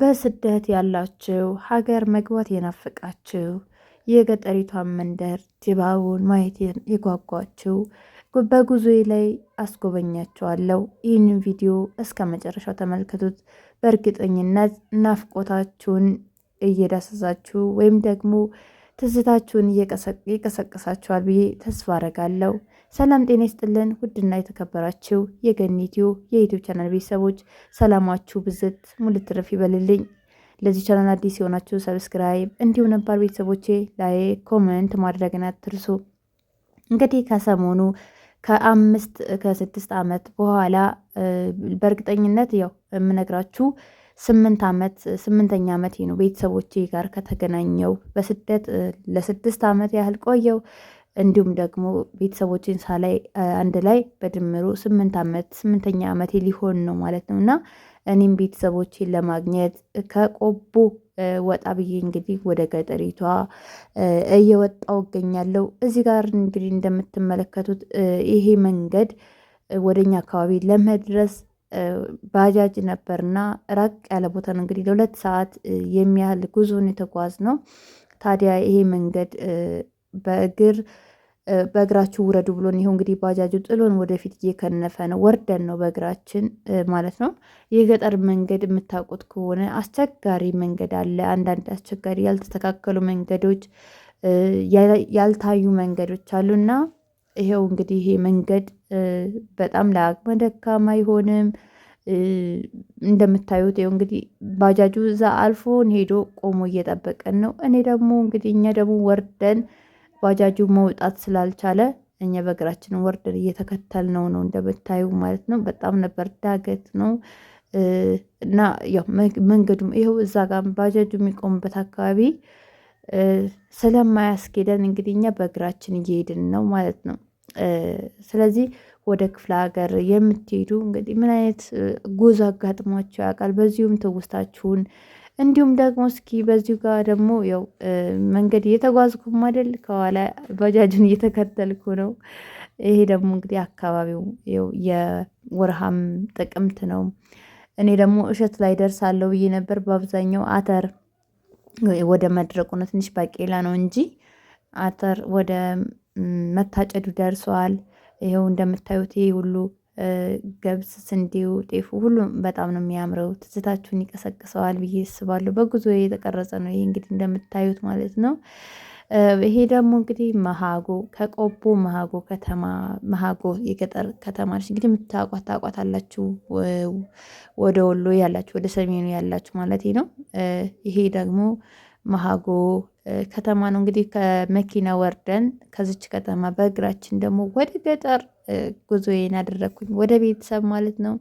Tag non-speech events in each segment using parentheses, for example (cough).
በስደት ያላችሁ ሀገር መግባት የናፈቃችሁ የገጠሪቷን መንደር ድባቡን ማየት የጓጓችሁ በጉዞ ላይ አስጎበኛችኋለሁ። ይህንን ቪዲዮ እስከ መጨረሻው ተመልከቱት። በእርግጠኝነት ናፍቆታችሁን እየዳሰሳችሁ ወይም ደግሞ ትዝታችሁን ይቀሰቅሳችኋል ብዬ ተስፋ አረጋለሁ። ሰላም ጤና ይስጥልን። ውድና የተከበራችሁ የገኒቲዩ የዩቲዩብ ቻናል ቤተሰቦች ሰላማችሁ ብዝት ሙልትረፍ ይበልልኝ። ለዚህ ቻናል አዲስ የሆናችሁ ሰብስክራይብ፣ እንዲሁም ነባር ቤተሰቦቼ ላይ ኮመንት ማድረግን አትርሱ። እንግዲህ ከሰሞኑ ከአምስት ከስድስት ዓመት በኋላ በእርግጠኝነት ያው የምነግራችሁ ስምንት ዓመት ስምንተኛ ዓመት ነው ቤተሰቦቼ ጋር ከተገናኘው በስደት ለስድስት ዓመት ያህል ቆየው። እንዲሁም ደግሞ ቤተሰቦቼን ሳላይ አንድ ላይ በድምሩ ስምንት ዓመት ስምንተኛ ዓመቴ ሊሆን ነው ማለት ነው። እና እኔም ቤተሰቦችን ለማግኘት ከቆቦ ወጣ ብዬ እንግዲህ ወደ ገጠሪቷ እየወጣው እገኛለሁ። እዚህ ጋር እንግዲህ እንደምትመለከቱት ይሄ መንገድ ወደኛ አካባቢ ለመድረስ ባጃጅ ነበርና ራቅ ያለ ቦታ ነው እንግዲህ ለሁለት ሰዓት የሚያህል ጉዞን የተጓዝ ነው። ታዲያ ይሄ መንገድ በእግር በእግራችሁ ውረዱ ብሎን ይኸው እንግዲህ ባጃጁ ጥሎን ወደፊት እየከነፈ ነው። ወርደን ነው በእግራችን ማለት ነው። የገጠር መንገድ የምታውቁት ከሆነ አስቸጋሪ መንገድ አለ። አንዳንድ አስቸጋሪ ያልተስተካከሉ መንገዶች፣ ያልታዩ መንገዶች አሉና ይሄው እንግዲህ ይሄ መንገድ በጣም ለአቅመ ደካማ አይሆንም። እንደምታዩት ይኸው እንግዲህ ባጃጁ እዛ አልፎን ሄዶ ቆሞ እየጠበቀን ነው። እኔ ደግሞ እንግዲህ እኛ ደግሞ ወርደን ባጃጁ መውጣት ስላልቻለ እኛ በእግራችን ወርደን እየተከተል ነው ነው እንደምታዩ ማለት ነው። በጣም ነበር ዳገት ነው እና ያው መንገዱም ይኸው እዛ ጋር ባጃጁ የሚቆምበት አካባቢ ስለማያስኬደን እንግዲህ እኛ በእግራችን እየሄድን ነው ማለት ነው። ስለዚህ ወደ ክፍለ ሀገር የምትሄዱ እንግዲህ ምን አይነት ጉዞ አጋጥሟቸው ያውቃል? በዚሁም ትውስታችሁን እንዲሁም ደግሞ እስኪ በዚሁ ጋር ደግሞ ያው መንገድ እየተጓዝኩም አይደል? ከኋላ ባጃጅን እየተከተልኩ ነው። ይሄ ደግሞ እንግዲህ አካባቢው ያው የወርሃም ጥቅምት ነው። እኔ ደግሞ እሸት ላይ ደርሳለሁ ብዬ ነበር። በአብዛኛው አተር ወደ መድረቁ ነው። ትንሽ ባቄላ ነው እንጂ አተር ወደ መታጨዱ ደርሰዋል። ይኸው እንደምታዩት ይሄ ሁሉ ገብስ፣ ስንዴው፣ ጤፉ ሁሉም በጣም ነው የሚያምረው። ትዝታችሁን ይቀሰቅሰዋል ብዬ አስባለሁ። በጉዞ የተቀረጸ ነው ይሄ እንግዲህ እንደምታዩት ማለት ነው። ይሄ ደግሞ እንግዲህ መሃጎ ከቆቦ መሃጎ ከተማ መሃጎ የገጠር ከተማ ነች። እንግዲህ የምታቋት አላችሁ፣ ወደ ወሎ ያላችሁ፣ ወደ ሰሜኑ ያላችሁ ማለት ነው። ይሄ ደግሞ መሃጎ። ከተማ ነው እንግዲህ ከመኪና ወርደን ከዚች ከተማ በእግራችን ደግሞ ወደ ገጠር ጉዞዬን አደረግኩኝ ወደ ቤተሰብ ማለት ነው።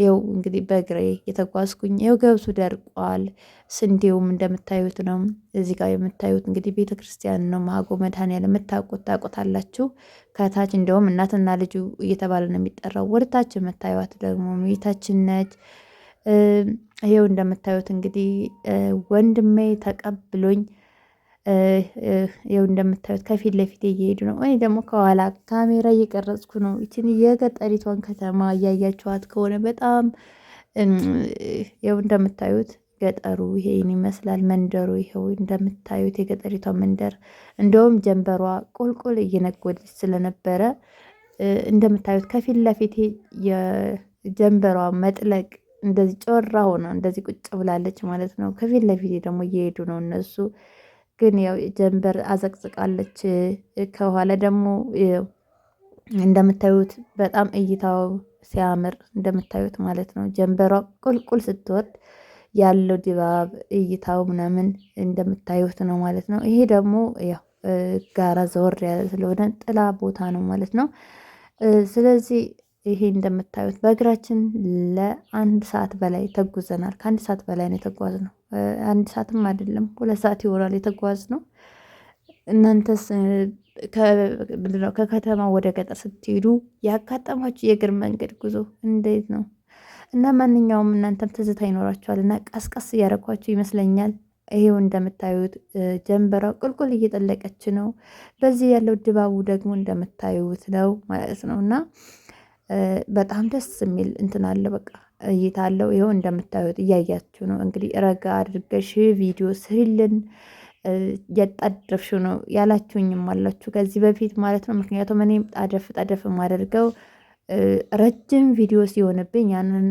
ይኸው እንግዲህ በእግሬ የተጓዝኩኝ ይኸው ገብሱ ደርቋል። ስንዴውም እንደምታዩት ነው እዚህ ጋር የምታዩት እንግዲህ ቤተክርስቲያን ነው ማጎ መድኃኒዓለም የምታውቁት ታውቁታላችሁ። ከታች እንደውም እናትና ልጁ እየተባለ ነው የሚጠራው። ወደ ታች የምታዩት ደግሞ ሚታችን ነች። ይኸው እንደምታዩት እንግዲህ ወንድሜ ተቀብሎኝ ይኸው እንደምታዩት ከፊት ለፊት እየሄዱ ነው። እኔ ደግሞ ከኋላ ካሜራ እየቀረጽኩ ነው። ይችን የገጠሪቷን ከተማ እያያችኋት ከሆነ በጣም ይኸው እንደምታዩት ገጠሩ ይሄን ይመስላል። መንደሩ ይሄው እንደምታዩት የገጠሪቷ መንደር እንደውም ጀንበሯ ቁልቁል እየነጎደች ስለነበረ እንደምታዩት ከፊት ለፊት የጀንበሯ መጥለቅ እንደዚህ ጮራ ሆና እንደዚህ ቁጭ ብላለች ማለት ነው። ከፊት ለፊት ደግሞ እየሄዱ ነው እነሱ ግን ያው ጀንበር አዘቅዝቃለች። ከኋላ ደግሞ እንደምታዩት በጣም እይታው ሲያምር እንደምታዩት ማለት ነው። ጀንበሯ ቁልቁል ስትወርድ ያለው ድባብ እይታው ምናምን እንደምታዩት ነው ማለት ነው። ይሄ ደግሞ ያው ጋራ ዘወር ያለ ስለሆነ ጥላ ቦታ ነው ማለት ነው። ስለዚህ ይሄ እንደምታዩት በእግራችን ለአንድ ሰዓት በላይ ተጉዘናል። ከአንድ ሰዓት በላይ ነው የተጓዝነው። አንድ ሰዓትም አይደለም ሁለት ሰዓት ይሆናል የተጓዝነው። እናንተስ ምንድነው ከከተማ ወደ ገጠር ስትሄዱ ያጋጠማችሁ የእግር መንገድ ጉዞ እንዴት ነው? እና ማንኛውም እናንተም ትዝታ ይኖራችኋል እና ቀስቀስ እያደረኳችሁ ይመስለኛል። ይሄው እንደምታዩት ጀንበራ ቁልቁል እየጠለቀች ነው። በዚህ ያለው ድባቡ ደግሞ እንደምታዩት ነው ማለት ነው እና በጣም ደስ የሚል እንትን አለ በቃ እይታ አለው። ይኸው እንደምታዩት እያያችሁ ነው እንግዲህ ረጋ አድርገሽ ቪዲዮ ስሪልን እየጣደፍሽ ነው ያላችሁኝም አላችሁ ከዚህ በፊት ማለት ነው። ምክንያቱም እኔም ጣደፍ ጣደፍ የማደርገው ረጅም ቪዲዮ ሲሆንብኝ ያንን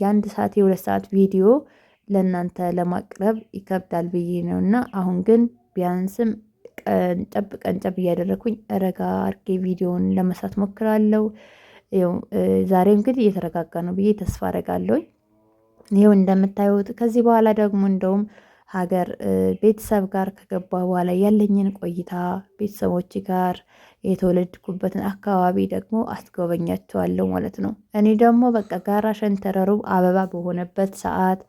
የአንድ ሰዓት የሁለት ሰዓት ቪዲዮ ለእናንተ ለማቅረብ ይከብዳል ብዬ ነው እና አሁን ግን ቢያንስም ቀንጨብ ቀንጨብ እያደረግኩኝ ረጋ አድርጌ ቪዲዮውን ለመስራት ሞክራለሁ። ዛሬ እንግዲህ እየተረጋጋ ነው ብዬ ተስፋ አደርጋለሁ። ይኸው እንደምታዩት ከዚህ በኋላ ደግሞ እንደውም ሀገር ቤተሰብ ጋር ከገባ በኋላ ያለኝን ቆይታ ቤተሰቦች ጋር የተወለድኩበትን አካባቢ ደግሞ አስጎበኛቸዋለሁ ማለት ነው። እኔ ደግሞ በቃ ጋራ ሸንተረሩ አበባ በሆነበት ሰዓት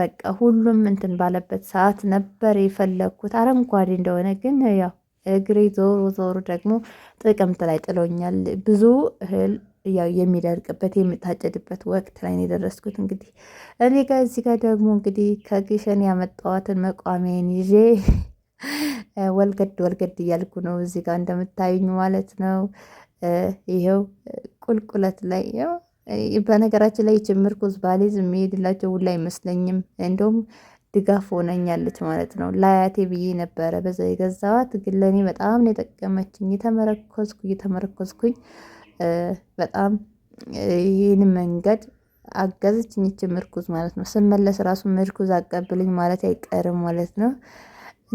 በቃ ሁሉም እንትን ባለበት ሰዓት ነበር የፈለግኩት አረንጓዴ እንደሆነ ግን ያው እግሬ ዞሮ ዞሮ ደግሞ ጥቅምት ላይ ጥሎኛል። ብዙ እህል ያው የሚደርቅበት የሚታጨድበት ወቅት ላይ ነው የደረስኩት። እንግዲህ እኔ ጋር እዚህ ጋር ደግሞ እንግዲህ ከግሸን ያመጣዋትን መቋሚያን ይዤ (laughs) ወልገድ ወልገድ እያልኩ ነው እዚህ ጋር እንደምታዩኝ ማለት ነው። ይኸው ቁልቁለት ላይ በነገራችን ላይ ችምርኩዝ ባሌዝ የሚሄድላቸው ውላ አይመስለኝም እንደውም ድጋፍ ሆነኛለች ማለት ነው። ላያቴ ብዬ ነበረ በዛ የገዛዋት ግን ለእኔ በጣም ነው የጠቀመችኝ። የተመረኮዝኩ እየተመረኮዝኩኝ በጣም ይህን መንገድ አጋዘችኝ ይች ምርኩዝ ማለት ነው። ስመለስ ራሱ ምርኩዝ አቀብልኝ ማለት አይቀርም ማለት ነው።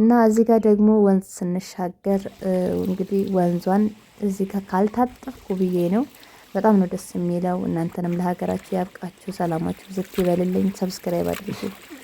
እና እዚህ ጋር ደግሞ ወንዝ ስንሻገር እንግዲህ ወንዟን እዚህ ጋር ካልታጠፍኩ ብዬ ነው። በጣም ነው ደስ የሚለው። እናንተንም ለሀገራችሁ ያብቃችሁ። ሰላማችሁ ዝት ይበልልኝ። ሰብስክራይብ አድርጉ።